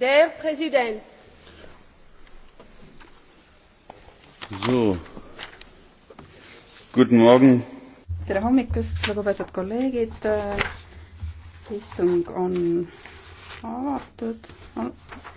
Der Präsident. So. Guten Morgen. tere hommikust, lugupeetud kolleegid. istung on avatud.